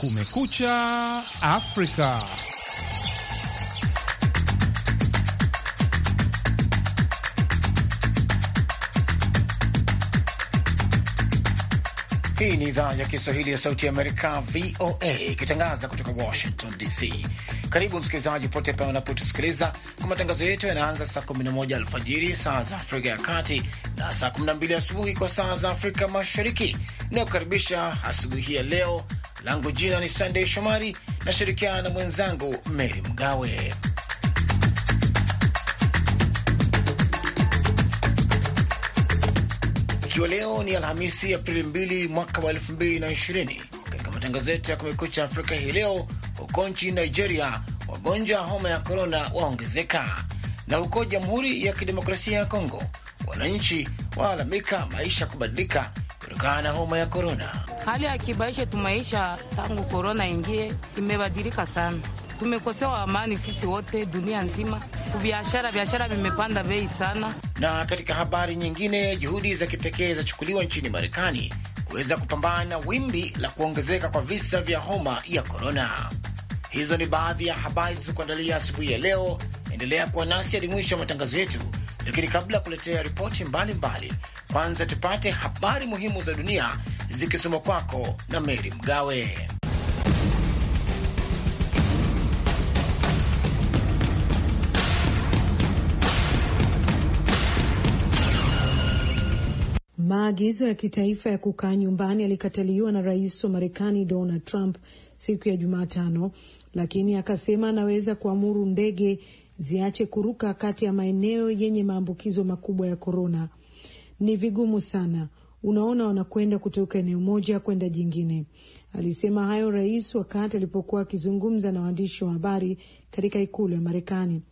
Kumekucha Afrika. Hii ni idhaa ya Kiswahili ya Sauti ya Amerika, VOA, ikitangaza kutoka Washington DC. Karibu msikilizaji pote pale unapotusikiliza kwa matangazo yetu yanaanza saa 11 alfajiri saa za Afrika ya Kati na saa 12 asubuhi kwa saa za Afrika Mashariki. Inayokaribisha asubuhi ya leo langu jina ni Sandey Shomari, nashirikiana na mwenzangu Meri Mgawe. Ikiwa leo ni Alhamisi, Aprili 2 mwaka wa 220 katika matangazo yetu ya Kumekucha Afrika hii leo, huko nchini Nigeria wagonjwa wa homa ya korona waongezeka, na huko Jamhuri ya Kidemokrasia ya Kongo wananchi waalamika maisha kubadilika kutokana na homa ya korona. Hali ya kibaisha tumaisha tangu korona ingie imebadilika sana. Tumekosewa amani sisi wote, dunia nzima. Biashara biashara vimepanda bei sana. Na katika habari nyingine, juhudi za kipekee zachukuliwa nchini Marekani kuweza kupambana na wimbi la kuongezeka kwa visa vya homa ya korona. Hizo ni baadhi ya habari zilizokuandalia asubuhi ya leo. Endelea kuwa nasi hadi mwisho wa matangazo yetu, lakini kabla ya kuletea ripoti mbalimbali, kwanza tupate habari muhimu za dunia zikisomwa kwako na Meri Mgawe. Maagizo ya kitaifa ya kukaa nyumbani yalikataliwa na rais wa Marekani Donald Trump siku ya Jumatano, lakini akasema anaweza kuamuru ndege ziache kuruka kati ya maeneo yenye maambukizo makubwa ya korona. Ni vigumu sana unaona wanakwenda kutoka eneo moja kwenda jingine. Alisema hayo rais wakati alipokuwa akizungumza na waandishi wa habari katika ikulu ya Marekani.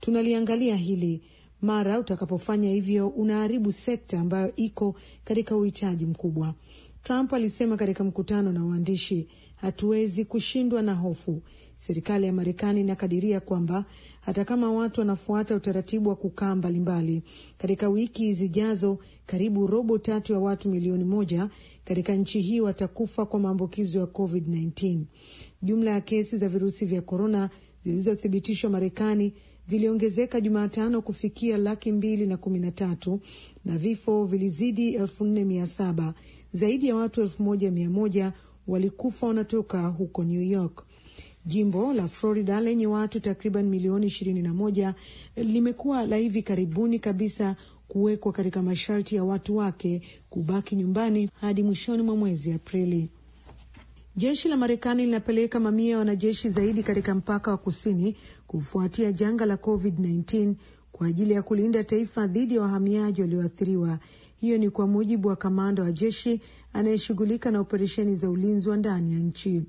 Tunaliangalia hili mara utakapofanya hivyo unaharibu sekta ambayo iko katika uhitaji mkubwa. Trump alisema katika mkutano na waandishi, hatuwezi kushindwa na hofu. Serikali ya Marekani inakadiria kwamba hata kama watu wanafuata utaratibu wa kukaa mbalimbali, katika wiki zijazo, karibu robo tatu ya watu milioni moja katika nchi hii watakufa kwa maambukizo ya COVID-19. Jumla ya kesi za virusi vya korona zilizothibitishwa Marekani ziliongezeka Jumatano kufikia laki mbili na kumi na tatu na vifo vilizidi elfu nne mia saba. Zaidi ya watu elfu moja mia moja walikufa wanatoka huko New York. Jimbo la Florida lenye watu takriban milioni ishirini na moja eh, limekuwa la hivi karibuni kabisa kuwekwa katika masharti ya watu wake kubaki nyumbani hadi mwishoni mwa mwezi Aprili. Jeshi la Marekani linapeleka mamia ya wanajeshi zaidi katika mpaka wa kusini kufuatia janga la COVID-19 kwa ajili ya kulinda taifa dhidi ya wa wahamiaji walioathiriwa. Hiyo ni kwa mujibu wa kamanda wa jeshi anayeshughulika na operesheni za ulinzi wa ndani ya nchi.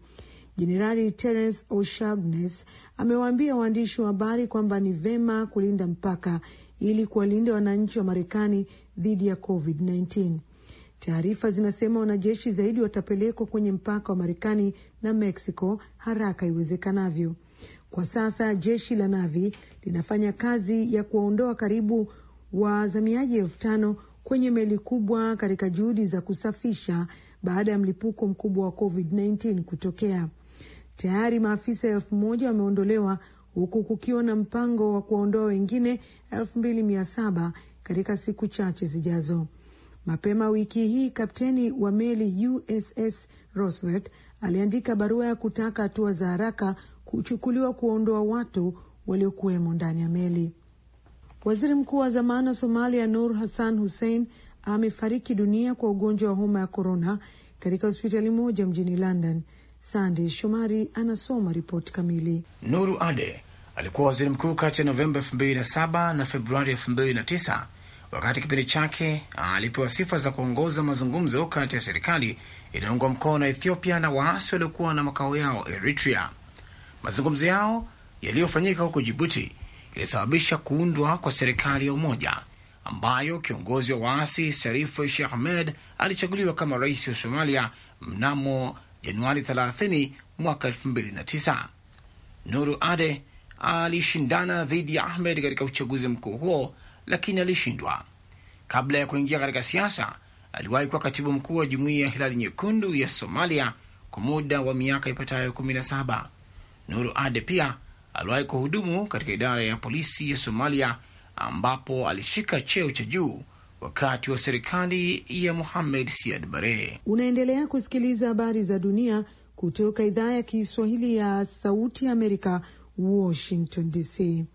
Jenerali Terence O'Shagnes amewaambia waandishi wa habari kwamba ni vema kulinda mpaka ili kuwalinda wananchi wa Marekani dhidi ya COVID-19. Taarifa zinasema wanajeshi zaidi watapelekwa kwenye mpaka wa Marekani na Mexico haraka iwezekanavyo. Kwa sasa jeshi la Navi linafanya kazi ya kuwaondoa karibu wazamiaji elfu tano kwenye meli kubwa katika juhudi za kusafisha baada ya mlipuko mkubwa wa COVID-19 kutokea. Tayari maafisa elfu moja wameondolewa huku kukiwa na mpango wa kuwaondoa wengine elfu mbili mia saba katika siku chache zijazo. Mapema wiki hii kapteni wa meli USS Roosevelt aliandika barua ya kutaka hatua za haraka kuchukuliwa kuwaondoa watu waliokuwemo ndani ya meli. Waziri mkuu wa zamani wa Somalia Nur Hassan Hussein amefariki dunia kwa ugonjwa wa homa ya korona katika hospitali moja mjini London. Sandi Shomari anasoma ripoti kamili. Nuru Ade alikuwa waziri mkuu kati ya Novemba 2007 na Februari 2009. Wakati kipindi chake alipewa sifa za kuongoza mazungumzo kati ya serikali inayoungwa mkono na Ethiopia na waasi waliokuwa na makao yao Eritrea. Mazungumzo yao yaliyofanyika huko Jibuti ilisababisha kuundwa kwa serikali ya umoja ambayo kiongozi wa waasi Sharifu Sheikh Ahmed alichaguliwa kama rais wa Somalia mnamo Januari 30 mwaka 2009. Nuru Ade alishindana dhidi ya Ahmed katika uchaguzi mkuu huo lakini alishindwa. Kabla ya kuingia katika siasa, aliwahi kuwa katibu mkuu wa jumuiya ya Hilali Nyekundu ya Somalia kwa muda wa miaka ipatayo 17. Nuru Ade pia aliwahi kuhudumu katika idara ya polisi ya Somalia ambapo alishika cheo cha juu wakati wa serikali ya Muhamed Siad Bare. Unaendelea kusikiliza habari za dunia kutoka idhaa ya Kiswahili ya Sauti ya Amerika, Washington DC.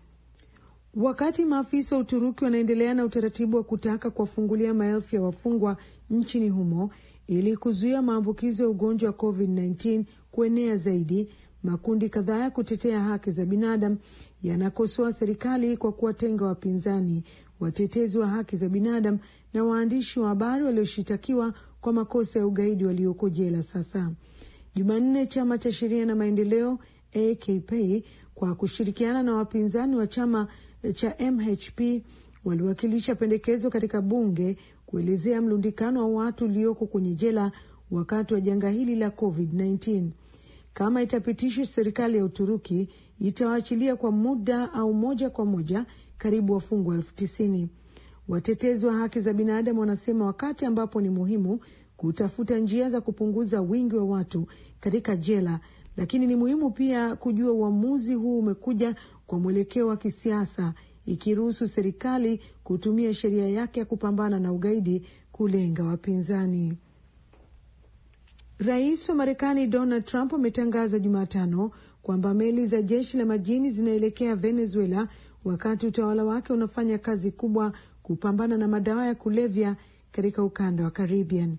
Wakati maafisa wa Uturuki wanaendelea na utaratibu wa kutaka kuwafungulia maelfu ya wafungwa nchini humo ili kuzuia maambukizo ya ugonjwa wa COVID-19 kuenea zaidi, makundi kadhaa ya kutetea haki za binadamu yanakosoa serikali kwa kuwatenga wapinzani watetezi wa haki za binadamu na waandishi wa habari walioshitakiwa kwa makosa ya ugaidi walioko jela sasa. Jumanne, chama cha sheria na maendeleo AKP kwa kushirikiana na wapinzani wa chama eh, cha MHP waliwakilisha pendekezo katika bunge kuelezea mlundikano wa watu ulioko kwenye jela wakati wa janga hili la COVID-19. Kama itapitishwa, serikali ya Uturuki itawaachilia kwa muda au moja kwa moja karibu wafungwa elfu tisini. Watetezi wa haki za binadamu wanasema wakati ambapo ni muhimu kutafuta njia za kupunguza wingi wa watu katika jela, lakini ni muhimu pia kujua uamuzi huu umekuja kwa mwelekeo wa kisiasa, ikiruhusu serikali kutumia sheria yake ya kupambana na ugaidi kulenga wapinzani. Rais wa Marekani Donald Trump ametangaza Jumatano kwamba meli za jeshi la majini zinaelekea Venezuela wakati utawala wake unafanya kazi kubwa kupambana na madawa ya kulevya katika ukanda wa Caribbean.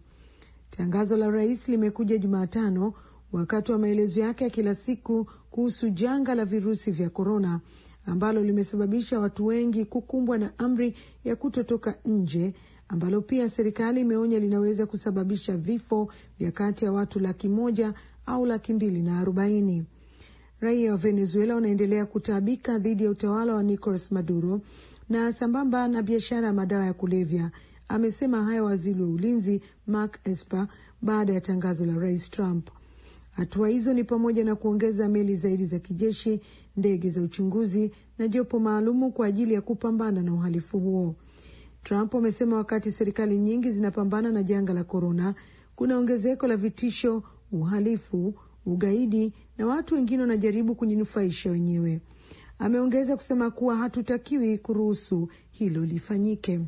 Tangazo la rais limekuja Jumatano wakati wa maelezo yake ya kila siku kuhusu janga la virusi vya korona ambalo limesababisha watu wengi kukumbwa na amri ya kutotoka nje, ambalo pia serikali imeonya linaweza kusababisha vifo vya kati ya watu laki moja au laki mbili na arobaini raia wa Venezuela wanaendelea kutaabika dhidi ya utawala wa Nicolas Maduro na sambamba na biashara ya madawa ya kulevya. Amesema hayo waziri wa ulinzi Mark Esper baada ya tangazo la rais Trump. Hatua hizo ni pamoja na kuongeza meli zaidi za kijeshi, ndege za uchunguzi na jopo maalumu kwa ajili ya kupambana na uhalifu huo. Trump amesema wakati serikali nyingi zinapambana na janga la korona, kuna ongezeko la vitisho, uhalifu, ugaidi na watu wengine wanajaribu kujinufaisha wenyewe. Ameongeza kusema kuwa hatutakiwi kuruhusu hilo lifanyike.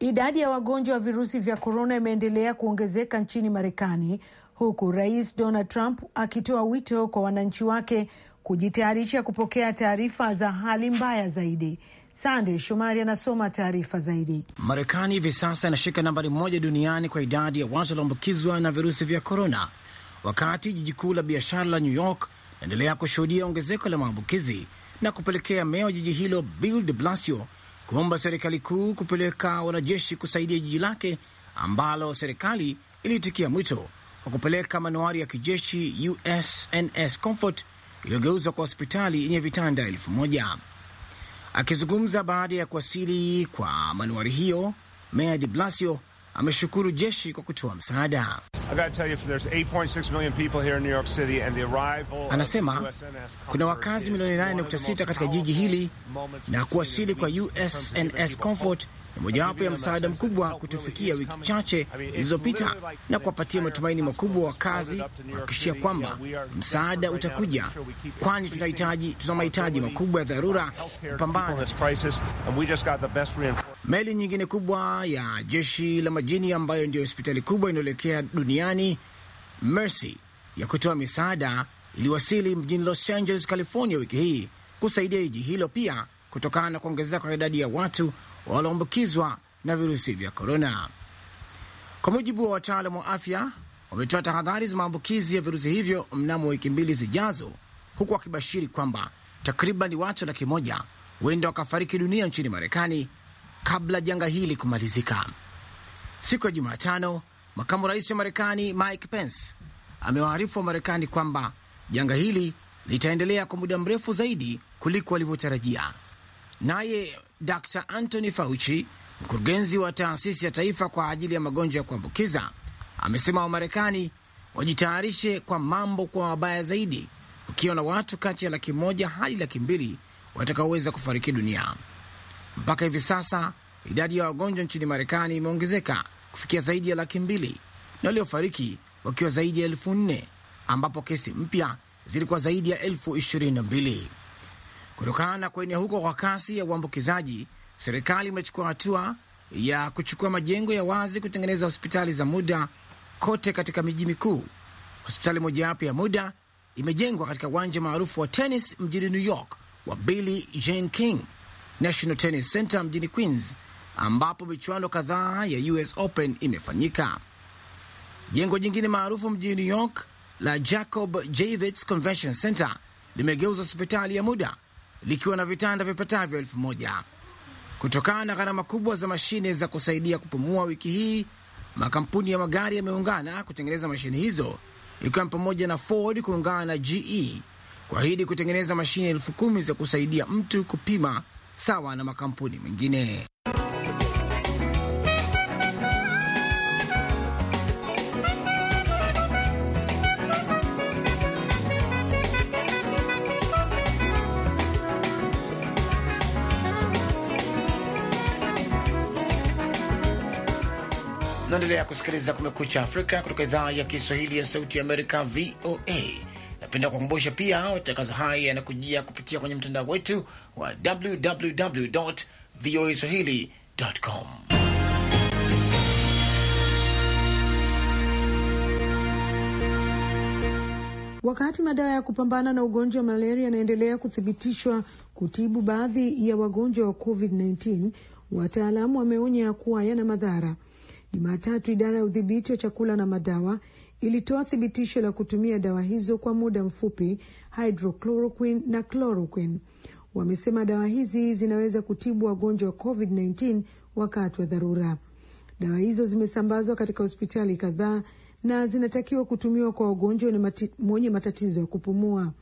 Idadi ya wagonjwa wa virusi vya korona imeendelea kuongezeka nchini Marekani huku Rais Donald Trump akitoa wito kwa wananchi wake kujitayarisha kupokea taarifa za hali mbaya zaidi. Sande Shomari anasoma taarifa zaidi. Marekani hivi sasa inashika nambari moja duniani kwa idadi ya watu walioambukizwa na virusi vya korona, wakati jiji kuu la biashara la New York inaendelea kushuhudia ongezeko la maambukizi na kupelekea meya wa jiji hilo Bill de Blasio kuomba serikali kuu kupeleka wanajeshi kusaidia jiji lake ambalo serikali iliitikia mwito kwa kupeleka manuari ya kijeshi USNS Comfort iliyogeuzwa kwa hospitali yenye vitanda elfu moja. Akizungumza baada ya kuwasili kwa manuari hiyo, Mayor de Blasio ameshukuru jeshi kwa kutoa msaada. Anasema kuna wakazi milioni 8.6 katika jiji hili na kuwasili kwa USNS Comfort mojawapo ya msaada mkubwa kutufikia wiki chache zilizopita na kuwapatia matumaini makubwa kazi, kuhakikishia kwamba msaada utakuja, kwani tunahitaji, tuna mahitaji makubwa ya dharura kupambana. Meli nyingine kubwa ya jeshi la majini ambayo ndiyo hospitali kubwa inayoelekea duniani Mercy ya kutoa misaada iliwasili mjini Los Angeles, California wiki hii kusaidia jiji hilo pia kutokana na kuongezeka kwa idadi ya watu walioambukizwa na virusi vya korona. Kwa mujibu wa wataalam wa afya, wametoa tahadhari za maambukizi ya virusi hivyo mnamo wiki mbili zijazo, huku wakibashiri kwamba takriban watu laki moja huenda wakafariki dunia nchini Marekani kabla janga hili kumalizika. Siku ya Jumatano, makamu rais wa Marekani Mike Pence amewaarifu wa Marekani kwamba janga hili litaendelea kwa muda mrefu zaidi kuliko walivyotarajia. Naye Dr Anthony Fauci, mkurugenzi wa taasisi ya taifa kwa ajili ya magonjwa ya kuambukiza, amesema Wamarekani wajitayarishe kwa mambo kwa mabaya zaidi, ukiwa na watu kati ya laki moja hadi laki mbili watakaoweza kufariki dunia. Mpaka hivi sasa idadi ya wagonjwa nchini Marekani imeongezeka kufikia zaidi ya laki mbili na waliofariki wakiwa zaidi ya elfu nne ambapo kesi mpya zilikuwa zaidi ya elfu ishirini na mbili. Kutokana na kuenea huko kwa kasi ya uambukizaji, serikali imechukua hatua ya kuchukua majengo ya wazi kutengeneza hospitali za muda kote katika miji mikuu. Hospitali mojawapo ya muda imejengwa katika uwanja maarufu wa tenis mjini New York wa Billie Jean King National Tennis Center mjini Queens, ambapo michuano kadhaa ya US Open imefanyika. Jengo jingine maarufu mjini New York la Jacob Javits Convention Center limegeuza hospitali ya muda likiwa na vitanda vipatavyo elfu moja. Kutokana na gharama kubwa za mashine za kusaidia kupumua, wiki hii makampuni ya magari yameungana kutengeneza mashine hizo, ikiwa ni pamoja na Ford kuungana na GE kuahidi kutengeneza mashine elfu kumi za kusaidia mtu kupima sawa na makampuni mengine. Naendelea kusikiliza Kumekucha Afrika kutoka idhaa ya Kiswahili ya Sauti ya Amerika, VOA. Napenda kukumbusha pia matangazo haya yanakujia kupitia kwenye mtandao wetu wa www voa swahili.com. Wakati madawa ya kupambana na ugonjwa wa malaria yanaendelea kuthibitishwa kutibu baadhi ya wagonjwa wa COVID-19, wataalamu wameonya kuwa yana madhara Jumatatu idara ya udhibiti wa chakula na madawa ilitoa thibitisho la kutumia dawa hizo kwa muda mfupi, hydrochloroquine na chloroquine. Wamesema dawa hizi zinaweza kutibu wagonjwa wa COVID-19 wakati wa dharura. Dawa hizo zimesambazwa katika hospitali kadhaa na zinatakiwa kutumiwa kwa wagonjwa wenye matatizo ya kupumua.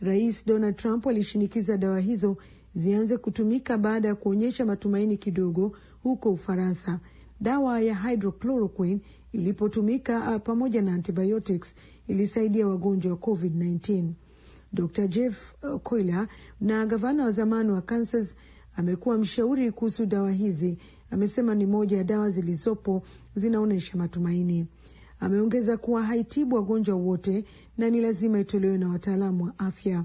Rais Donald Trump alishinikiza dawa hizo zianze kutumika baada ya kuonyesha matumaini kidogo huko Ufaransa, Dawa ya hydrochloroquine ilipotumika uh, pamoja na antibiotics ilisaidia wagonjwa wa COVID-19. Dr Jeff uh, Koiler na gavana wa zamani wa Kansas amekuwa mshauri kuhusu dawa hizi. Amesema ni moja ya dawa zilizopo zinaonyesha matumaini. Ameongeza kuwa haitibu wagonjwa wote na ni lazima itolewe na wataalamu wa afya.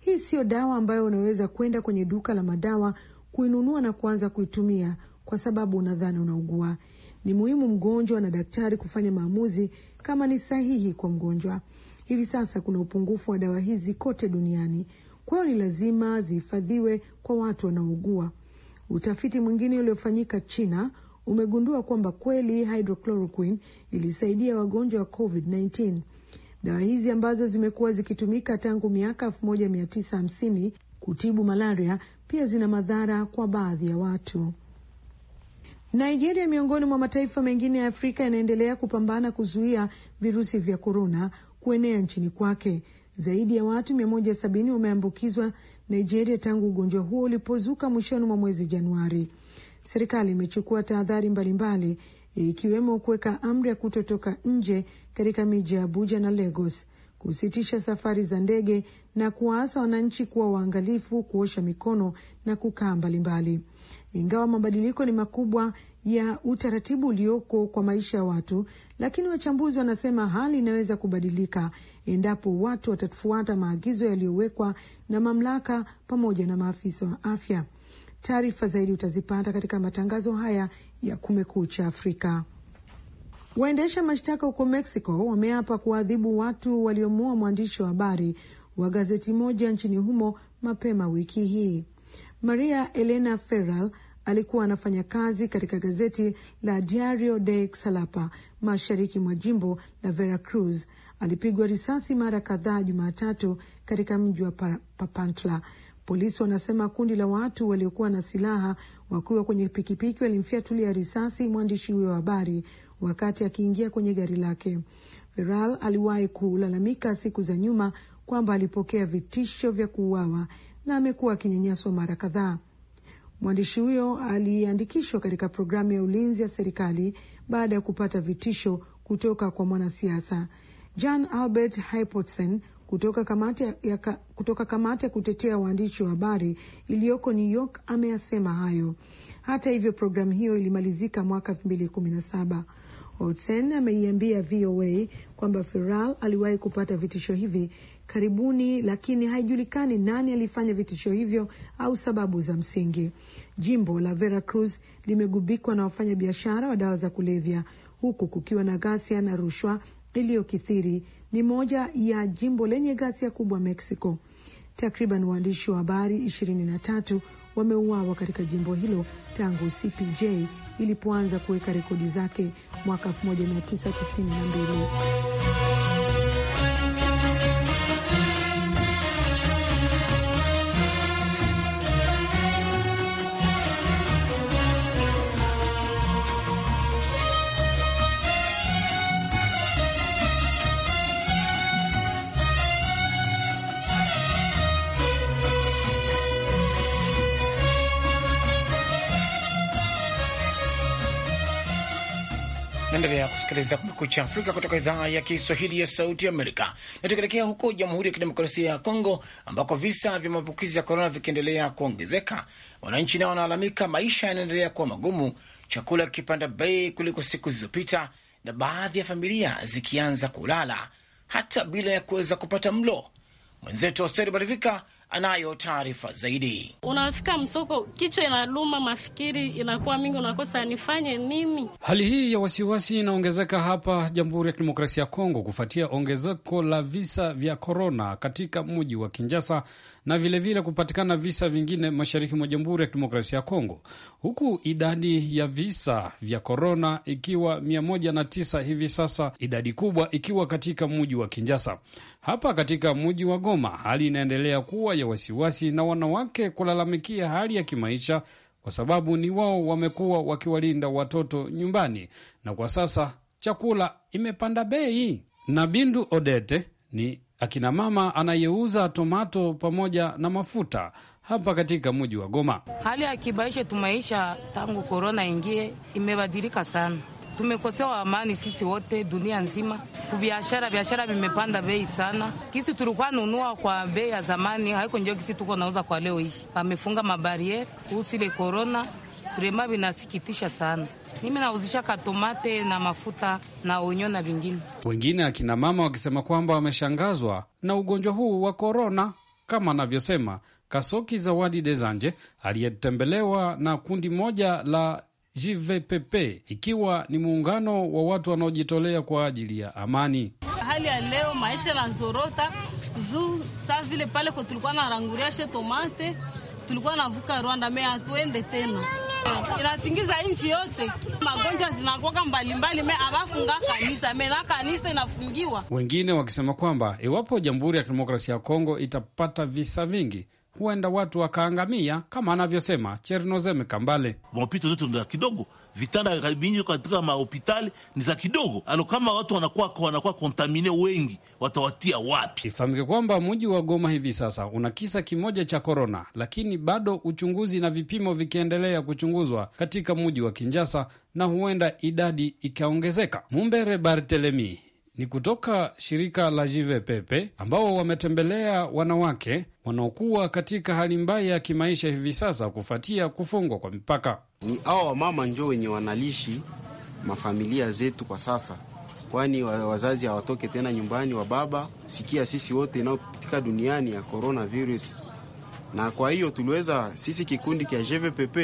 Hii siyo dawa ambayo unaweza kwenda kwenye duka la madawa kuinunua na kuanza kuitumia kwa sababu unadhani unaugua. Ni muhimu mgonjwa na daktari kufanya maamuzi kama ni sahihi kwa mgonjwa. Hivi sasa kuna upungufu wa dawa hizi kote duniani, kwa hiyo ni lazima zihifadhiwe kwa watu wanaougua. Utafiti mwingine uliofanyika China umegundua kwamba kweli hydrochloroquine ilisaidia wagonjwa wa COVID-19. Dawa hizi ambazo zimekuwa zikitumika tangu miaka 1950 kutibu malaria pia zina madhara kwa baadhi ya watu. Nigeria miongoni mwa mataifa mengine ya Afrika yanaendelea kupambana kuzuia virusi vya korona kuenea nchini kwake. Zaidi ya watu 170 wameambukizwa Nigeria tangu ugonjwa huo ulipozuka mwishoni mwa mwezi Januari. Serikali imechukua tahadhari mbalimbali ikiwemo kuweka amri ya kutotoka nje katika miji ya Abuja na Lagos, kusitisha safari za ndege na kuwaasa wananchi kuwa waangalifu, kuosha mikono na kukaa mbalimbali. Ingawa mabadiliko ni makubwa ya utaratibu ulioko kwa maisha ya watu, lakini wachambuzi wanasema hali inaweza kubadilika endapo watu watafuata maagizo yaliyowekwa na mamlaka pamoja na maafisa wa afya. Taarifa zaidi utazipata katika matangazo haya ya Kumekucha Afrika. Waendesha mashtaka huko Mexico wameapa kuwaadhibu watu waliomuua mwandishi wa habari wa gazeti moja nchini humo mapema wiki hii. Maria Elena Ferral alikuwa anafanya kazi katika gazeti la Diario de Xalapa mashariki mwa jimbo la Veracruz. Alipigwa risasi mara kadhaa Jumatatu katika mji wa Papantla. Polisi wanasema kundi la watu waliokuwa na silaha wakiwa kwenye pikipiki walimfyatulia risasi mwandishi huyo wa habari wakati akiingia kwenye gari lake. Viral aliwahi kulalamika siku za nyuma kwamba alipokea vitisho vya kuuawa na amekuwa akinyanyaswa mara kadhaa. Mwandishi huyo aliandikishwa katika programu ya ulinzi ya serikali baada ya kupata vitisho kutoka kwa mwanasiasa Jan Albert Hypotsen kutoka kamati ya, kutoka kamati ya kutetea waandishi wa habari iliyoko New York ameyasema hayo. Hata hivyo, programu hiyo ilimalizika mwaka 217 Otsen ameiambia VOA kwamba Ferral aliwahi kupata vitisho hivi karibuni, lakini haijulikani nani alifanya vitisho hivyo au sababu za msingi. Jimbo la Veracruz limegubikwa na wafanyabiashara wa dawa za kulevya huku kukiwa na ghasia na rushwa iliyokithiri. Ni moja ya jimbo lenye ghasia kubwa Mexico. Takriban waandishi wa habari 23 wameuawa katika jimbo hilo tangu CPJ ilipoanza kuweka rekodi zake mwaka 1992. Naendelea kusikiliza Kumekucha Afrika kutoka idhaa ya Kiswahili ya Sauti Amerika. Na tukielekea huko Jamhuri ya Kidemokrasia ya Kongo, ambako visa vya maambukizi ya korona vikiendelea kuongezeka, wananchi nao wanalalamika, maisha yanaendelea kuwa magumu, chakula kipanda bei kuliko siku zilizopita, na baadhi ya familia zikianza kulala hata bila ya kuweza kupata mlo. Mwenzetu Hosteri Barivika anayo taarifa zaidi. Unafika msoko, kichwa inaluma, mafikiri inakuwa mingi, unakosa nifanye nini? Hali hii ya wasiwasi inaongezeka hapa Jamhuri ya Kidemokrasia ya Kongo kufuatia ongezeko la visa vya korona katika mji wa kinjasa na vilevile vile kupatikana visa vingine mashariki mwa Jamhuri ya Kidemokrasia ya Kongo, huku idadi ya visa vya korona ikiwa 109 hivi sasa, idadi kubwa ikiwa katika muji wa Kinjasa. Hapa katika muji wa Goma hali inaendelea kuwa ya wasiwasi na wanawake kulalamikia hali ya kimaisha kwa sababu ni wao wamekuwa wakiwalinda watoto nyumbani, na kwa sasa chakula imepanda bei. Na Bindu Odete ni akina mama anayeuza tomato pamoja na mafuta hapa katika mji wa Goma. Hali ya kimaisha tumaisha tangu korona ingie imebadilika sana. Tumekosewa amani sisi wote dunia nzima. Kubiashara, biashara vimepanda bei sana. Kisi tulikuwa nunua kwa bei ya zamani haiko njo kisi tuko nauza kwa leo hii. Wamefunga mabarier kuhusu ile korona vrema vinasikitisha sana. Mimi nauzisha katomate na mafuta na onyo na vingine. Wengine akina mama wakisema kwamba wameshangazwa na ugonjwa huu wa korona, kama anavyosema Kasoki Zawadi Dezanje aliyetembelewa na kundi moja la JVPP ikiwa ni muungano wa watu wanaojitolea kwa ajili ya amani. Hali ya leo maisha yanazorota juu saa vile pale tulikuwa na she tomate tulikuwa navuka Rwanda, me hatuende tena, inatingiza nchi yote. Magonjwa zinakoka mbalimbali, me avafunga kanisa, me na kanisa inafungiwa. Wengine wakisema kwamba iwapo Jamhuri ya Kidemokrasia ya Kongo itapata visa vingi huenda watu wakaangamia, kama anavyosema Chernozeme Kambale. Mapito zote za kidogo, vitanda vingi katika mahopitali ni za kidogo. Alo, kama watu wanakuwa wanakuwa kontamine wengi, watawatia wapi? Ifahamike kwamba mji wa Goma hivi sasa una kisa kimoja cha korona, lakini bado uchunguzi na vipimo vikiendelea kuchunguzwa katika mji wa Kinjasa, na huenda idadi ikaongezeka. Mumbere Bartelemi, ni kutoka shirika la Jive Pepe ambao wametembelea wanawake wanaokuwa katika hali mbaya ya kimaisha hivi sasa kufuatia kufungwa kwa mipaka. Ni awa wamama njo wenye wanalishi mafamilia zetu kwa sasa, kwani wazazi hawatoke tena nyumbani wa baba. Sikia sisi wote inayopitika duniani ya coronavirus, na kwa hiyo tuliweza sisi kikundi cha JVPP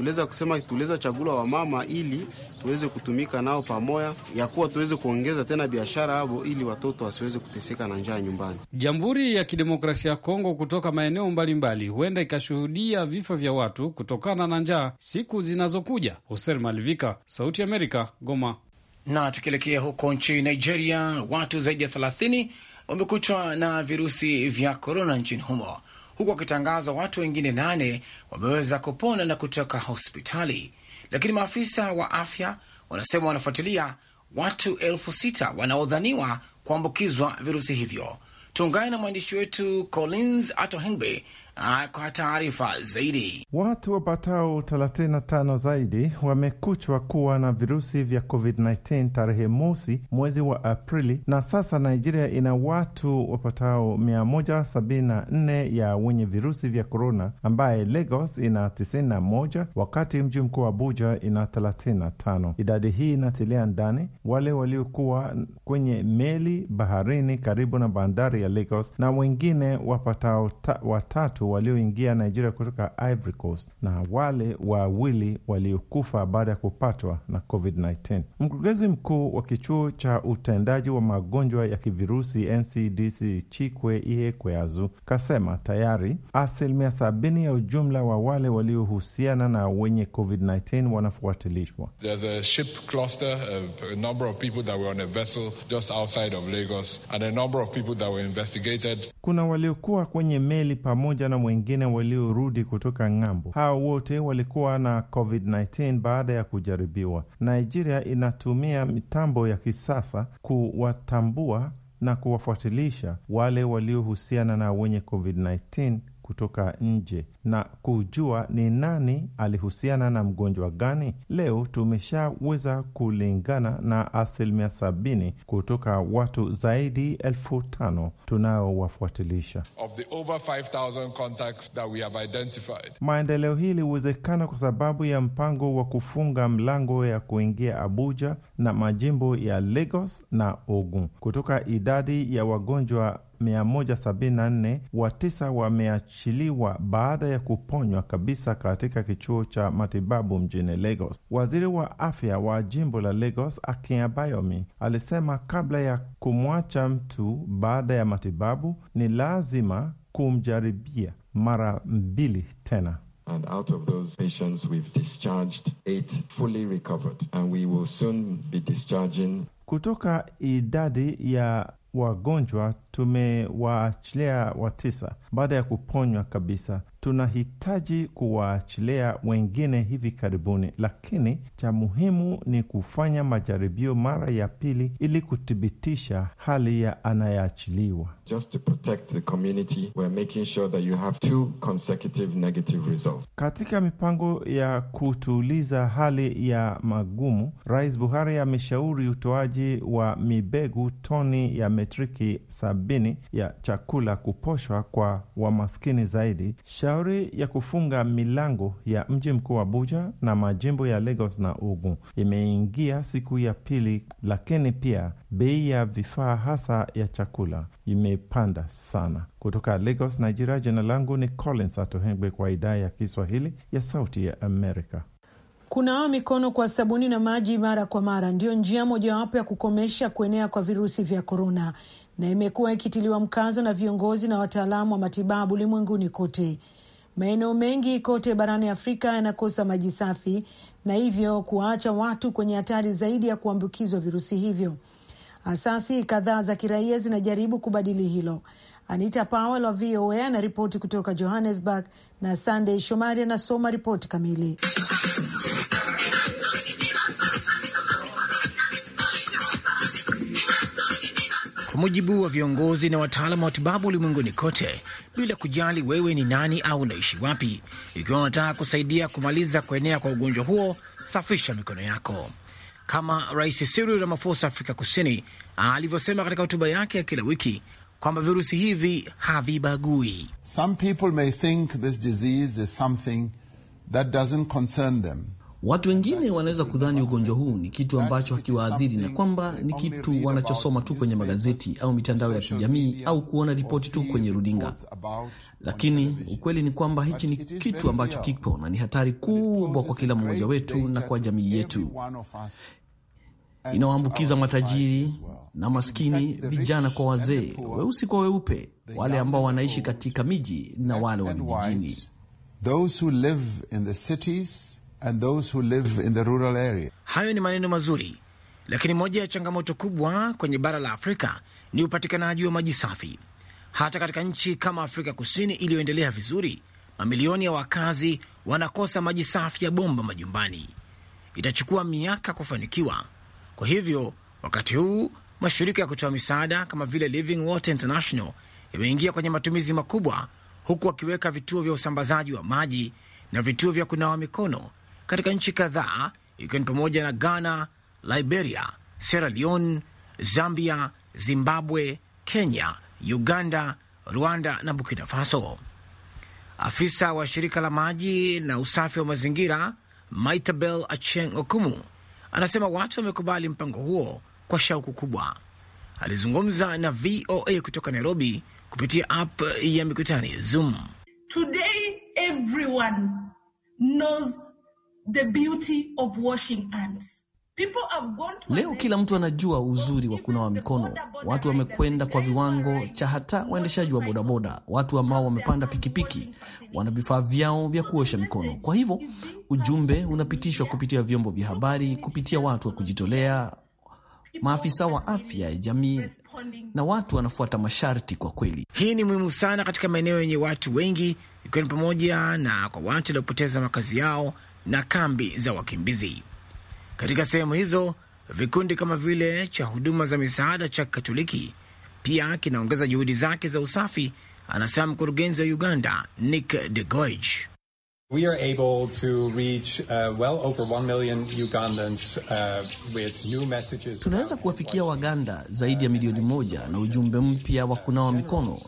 tuliweza kusema tuliweza chagula wa mama ili tuweze kutumika nao pamoja, ya kuwa tuweze kuongeza tena biashara hapo, ili watoto wasiweze kuteseka na njaa nyumbani. Jamhuri ya Kidemokrasia ya Kongo kutoka maeneo mbalimbali huenda ikashuhudia vifo vya watu kutokana na njaa siku zinazokuja. Hoser Malivika, Sauti ya Amerika, Goma. Na tukielekea huko nchini Nigeria, watu zaidi ya 30 wamekutwa na virusi vya korona nchini humo huku wakitangaza watu wengine nane wameweza kupona na kutoka hospitali, lakini maafisa wa afya wanasema wanafuatilia watu elfu sita wanaodhaniwa kuambukizwa virusi hivyo. Tuungane na mwandishi wetu Collins Atohengbe Ah, kwa taarifa zaidi, watu wapatao 35 zaidi wamekuchwa kuwa na virusi vya COVID-19 tarehe mosi mwezi wa Aprili, na sasa Nigeria ina watu wapatao 174 ya wenye virusi vya korona, ambaye Lagos ina 91 wakati mji mkuu wa Abuja ina 35. Idadi hii inatilia ndani wale waliokuwa kwenye meli baharini karibu na bandari ya Lagos na wengine wapatao watatu walioingia Nigeria kutoka Ivory Coast na wale wawili waliokufa baada ya kupatwa na COVID-19. Mkurugenzi mkuu wa kichuo cha utendaji wa magonjwa ya kivirusi NCDC Chikwe Ihekweazu kasema tayari asilimia sabini ya ujumla wa wale waliohusiana na wenye COVID-19 wanafuatilishwa. Kuna waliokuwa kwenye meli pamoja vijana mwengine waliorudi kutoka ng'ambo. Hao wote walikuwa na COVID-19 baada ya kujaribiwa. Nigeria inatumia mitambo ya kisasa kuwatambua na kuwafuatilisha wale waliohusiana na wenye COVID-19 kutoka nje na kujua ni nani alihusiana na mgonjwa gani. Leo tumeshaweza kulingana na asilimia sabini kutoka watu zaidi elfu tano tunaowafuatilisha. Maendeleo hii iliwezekana kwa sababu ya mpango wa kufunga mlango ya kuingia Abuja na majimbo ya Lagos na Ogun. Kutoka idadi ya wagonjwa 174 watisa wameachiliwa baada ya kuponywa kabisa katika kichuo cha matibabu mjini Lagos. Waziri wa afya wa jimbo la Lagos, Akin Abayomi, alisema kabla ya kumwacha mtu baada ya matibabu ni lazima kumjaribia mara mbili tena. And out of those patients we've discharged, eight fully recovered, and we will soon be discharging. Kutoka idadi ya wagonjwa tumewaachilia watisa baada ya kuponywa kabisa, tunahitaji kuwaachilia wengine hivi karibuni, lakini cha muhimu ni kufanya majaribio mara ya pili ili kuthibitisha hali ya anayeachiliwa. Just to protect the community, we're making sure that you have two consecutive negative results. Katika mipango ya kutuliza hali ya magumu, Rais Buhari ameshauri utoaji wa mibegu toni ya metriki sabini ya chakula kuposhwa kwa wamaskini zaidi Sha Shauri ya kufunga milango ya mji mkuu Abuja na majimbo ya Lagos na Ogun imeingia siku ya pili, lakini pia bei ya vifaa hasa ya chakula imepanda sana. Kutoka Lagos, Nigeria, jina langu ni Collins Atohengwe kwa idhaa ya Kiswahili ya Sauti ya Amerika. Kunawa mikono kwa sabuni na maji mara kwa mara ndiyo njia mojawapo ya kukomesha kuenea kwa virusi vya korona na imekuwa ikitiliwa mkazo na viongozi na wataalamu wa matibabu ulimwenguni kote. Maeneo mengi kote barani Afrika yanakosa maji safi na hivyo kuwaacha watu kwenye hatari zaidi ya kuambukizwa virusi hivyo. Asasi kadhaa za kiraia zinajaribu kubadili hilo. Anita Powell wa VOA anaripoti kutoka Johannesburg na Sandey Shomari anasoma ripoti kamili. mujibu wa viongozi na wataalamu wa matibabu ulimwenguni kote, bila kujali wewe ni nani au unaishi wapi, ikiwa unataka kusaidia kumaliza kuenea kwa ugonjwa huo, safisha mikono yako, kama Rais Cyril Ramaphosa Afrika Kusini alivyosema katika hotuba yake ya kila wiki kwamba virusi hivi havibagui. Some people may think this disease is something that doesn't concern them. Watu wengine wanaweza kudhani ugonjwa huu ni kitu ambacho hakiwaadhiri na kwamba ni kitu wanachosoma tu kwenye magazeti au mitandao ya kijamii au kuona ripoti tu kwenye runinga, lakini ukweli ni kwamba hichi ni kitu ambacho kipo na ni hatari kubwa kwa kila mmoja wetu na kwa jamii yetu. Inawaambukiza matajiri na maskini, vijana kwa wazee, weusi kwa weupe, wale ambao wanaishi katika miji na wale wa vijijini and those who live in the rural area. Hayo ni maneno mazuri, lakini moja ya changamoto kubwa kwenye bara la Afrika ni upatikanaji wa maji safi. Hata katika nchi kama Afrika Kusini iliyoendelea vizuri, mamilioni ya wakazi wanakosa maji safi ya bomba majumbani. Itachukua miaka kufanikiwa. Kwa hivyo, wakati huu mashirika ya kutoa misaada kama vile Living Water International yameingia kwenye matumizi makubwa, huku wakiweka vituo vya usambazaji wa maji na vituo vya kunawa mikono katika nchi kadhaa ikiwa ni pamoja na Ghana, Liberia, Sierra Leone, Zambia, Zimbabwe, Kenya, Uganda, Rwanda na Burkina Faso. Afisa wa shirika la maji na usafi wa mazingira Maitabel Acheng Okumu anasema watu wamekubali mpango huo kwa shauku kubwa. Alizungumza na VOA kutoka Nairobi kupitia app ya mikutano ya Zoom. Today everyone knows the beauty of washing hands. Leo kila mtu anajua uzuri wa kunawa mikono. Watu wamekwenda kwa viwango cha hata waendeshaji wa bodaboda, watu ambao wamepanda pikipiki wana vifaa vyao vya kuosha mikono. Kwa hivyo ujumbe unapitishwa kupitia vyombo vya habari, kupitia watu wa kujitolea, maafisa wa afya ya jamii na watu wanafuata masharti. Kwa kweli, hii ni muhimu sana katika maeneo yenye watu wengi, ikiwa ni pamoja na kwa watu waliopoteza makazi yao na kambi za wakimbizi. Katika sehemu hizo vikundi kama vile cha huduma za misaada cha Katoliki pia kinaongeza juhudi zake za usafi, anasema mkurugenzi wa Uganda Nick de Goij. We are able to reach, uh, well over 1 million Ugandans, uh, with new messages. Tunaweza kuwafikia Waganda zaidi ya milioni moja na ujumbe mpya wa kunawa mikono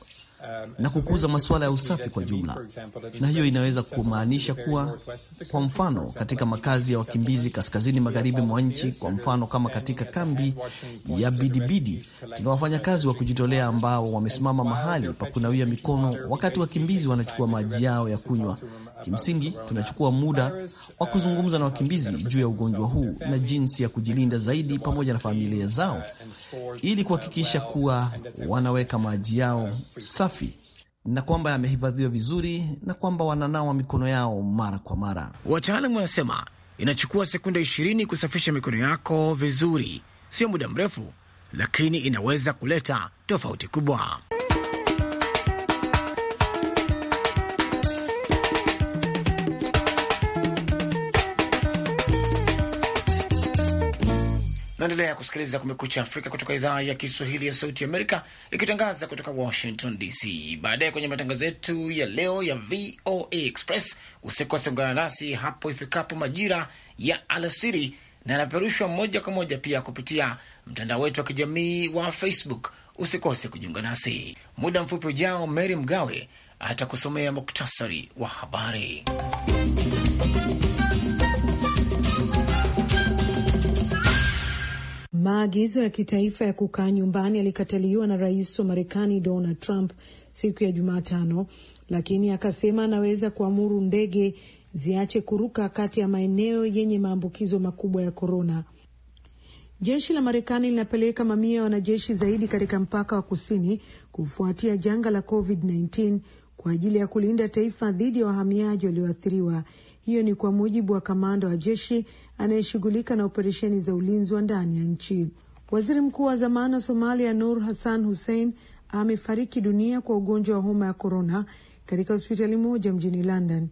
na kukuza masuala ya usafi kwa jumla, na hiyo inaweza kumaanisha kuwa, kwa mfano, katika makazi ya wakimbizi kaskazini magharibi mwa nchi, kwa mfano kama katika kambi ya Bidibidi, tuna wafanyakazi wa kujitolea ambao wamesimama mahali pa kunawia mikono wakati wakimbizi wanachukua maji yao ya kunywa Kimsingi, tunachukua muda wa kuzungumza na wakimbizi juu ya ugonjwa huu na jinsi ya kujilinda zaidi pamoja na familia zao ili kuhakikisha kuwa wanaweka maji yao safi na kwamba yamehifadhiwa vizuri na kwamba wananawa mikono yao mara kwa mara. Wataalamu wanasema inachukua sekunde ishirini kusafisha mikono yako vizuri, sio muda mrefu, lakini inaweza kuleta tofauti kubwa. Naendelea kusikiliza Kumekucha Afrika kutoka idhaa ya Kiswahili ya Sauti Amerika ikitangaza kutoka Washington DC. Baadaye kwenye matangazo yetu ya leo ya VOA Express, usikose kuungana nasi hapo ifikapo majira ya alasiri, na anapeperushwa moja kwa moja pia kupitia mtandao wetu wa kijamii wa Facebook. Usikose kujiunga nasi. Muda mfupi ujao, Mary Mgawe atakusomea muktasari wa habari. Maagizo ya kitaifa ya kukaa nyumbani yalikataliwa na rais wa Marekani Donald Trump siku ya Jumatano, lakini akasema anaweza kuamuru ndege ziache kuruka kati ya maeneo yenye maambukizo makubwa ya korona. Jeshi la Marekani linapeleka mamia ya wanajeshi zaidi katika mpaka wa kusini kufuatia janga la COVID-19 kwa ajili ya kulinda taifa dhidi ya wahamiaji walioathiriwa hiyo ni kwa mujibu wa kamanda wa jeshi anayeshughulika na operesheni za ulinzi wa ndani ya nchi. Waziri mkuu wa zamani wa Somalia Nur Hassan Hussein amefariki dunia kwa ugonjwa wa homa ya korona katika hospitali moja mjini London.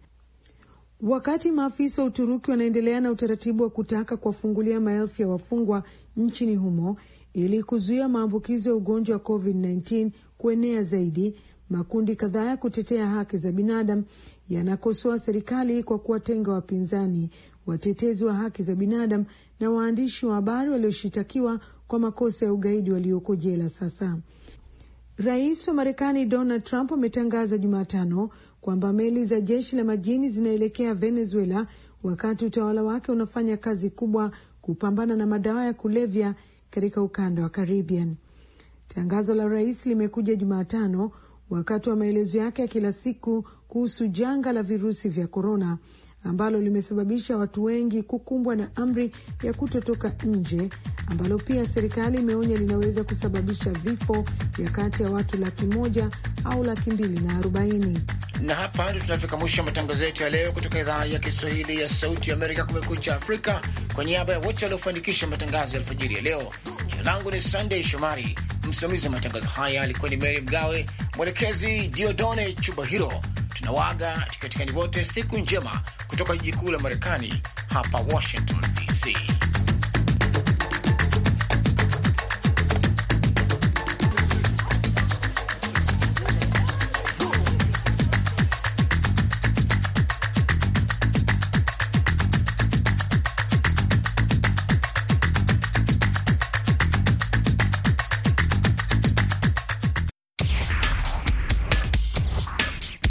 Wakati maafisa wa Uturuki wanaendelea na utaratibu wa kutaka kuwafungulia maelfu ya wafungwa nchini humo ili kuzuia maambukizo ya ugonjwa wa COVID-19 kuenea zaidi, makundi kadhaa ya kutetea haki za binadamu yanakosoa serikali kwa kuwatenga wapinzani, watetezi wa haki za binadamu na waandishi wa habari walioshitakiwa kwa makosa ya ugaidi walioko jela sasa. Rais wa Marekani Donald Trump ametangaza Jumatano kwamba meli za jeshi la majini zinaelekea Venezuela wakati utawala wake unafanya kazi kubwa kupambana na madawa ya kulevya katika ukanda wa Caribbean. Tangazo la rais limekuja Jumatano wakati wa maelezo yake ya kila siku kuhusu janga la virusi vya korona ambalo limesababisha watu wengi kukumbwa na amri ya kutotoka nje, ambalo pia serikali imeonya linaweza kusababisha vifo vya kati ya watu laki moja au laki mbili na arobaini. Na hapa ndio tunafika mwisho wa matangazo yetu ya leo kutoka idhaa ya Kiswahili ya Sauti ya Amerika, Kumekucha Afrika. Kwa niaba ya wote waliofanikisha matangazo ya alfajiri ya leo, jina langu ni Sandey Shomari Msimamizi wa matangazo haya alikuwa ni Mary Mgawe, mwelekezi Diodone hiro Tunawaga tukiatikani wote, siku njema kutoka jiji kuu la Marekani hapa Washington DC.